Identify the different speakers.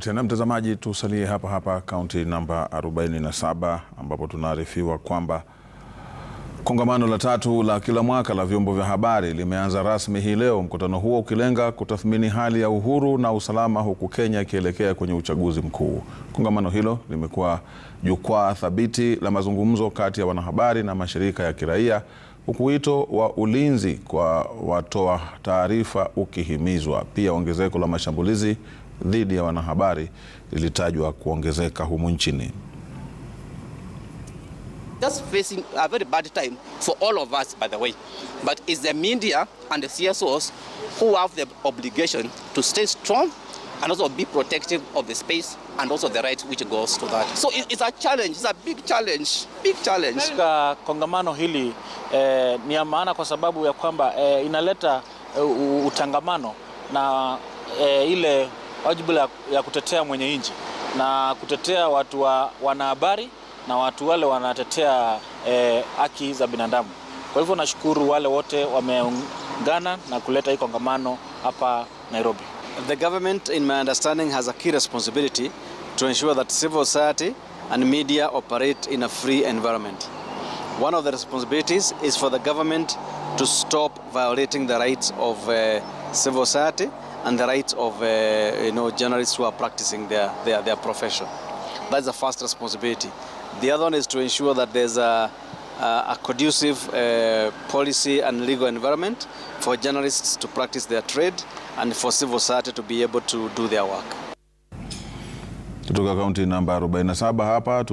Speaker 1: Tena mtazamaji, tusalie hapa hapa kaunti namba 47 ambapo tunaarifiwa kwamba kongamano la tatu la kila mwaka la vyombo vya habari limeanza rasmi hii leo, mkutano huo ukilenga kutathmini hali ya uhuru na usalama huku Kenya ikielekea kwenye uchaguzi mkuu. Kongamano hilo limekuwa jukwaa thabiti la mazungumzo kati ya wanahabari na mashirika ya kiraia huku wito wa ulinzi kwa watoa taarifa ukihimizwa. Pia ongezeko la mashambulizi dhidi ya wanahabari lilitajwa kuongezeka humu nchini.
Speaker 2: Just facing a very bad time for all of us by the way but it's the media and the CSOs who have the obligation to stay strong and also be protective of the space and also the right which goes to that so it's a challenge it's a big challenge big challenge.
Speaker 3: Kongamano hili eh, ni ya maana kwa sababu ya kwamba eh, inaleta eh, utangamano na eh, ile wajibu ya kutetea mwenye nchi na kutetea watu wa wanahabari na watu wale wanatetea eh, haki eh, za binadamu. Kwa hivyo nashukuru wale wote wameungana na kuleta hii kongamano hapa Nairobi.
Speaker 4: The government in my understanding has a key responsibility to ensure that civil society and media operate in a free environment. One of the responsibilities is for the government to stop violating the rights of uh, civil society and the rights of uh, you know, journalists who are practicing their, their, their profession. That's the first responsibility. The other one is to ensure that there's a, a, a conducive uh, policy and legal environment for journalists to practice their trade and for civil society to be able to do their work. Kutoka kaunti namba 47 hapa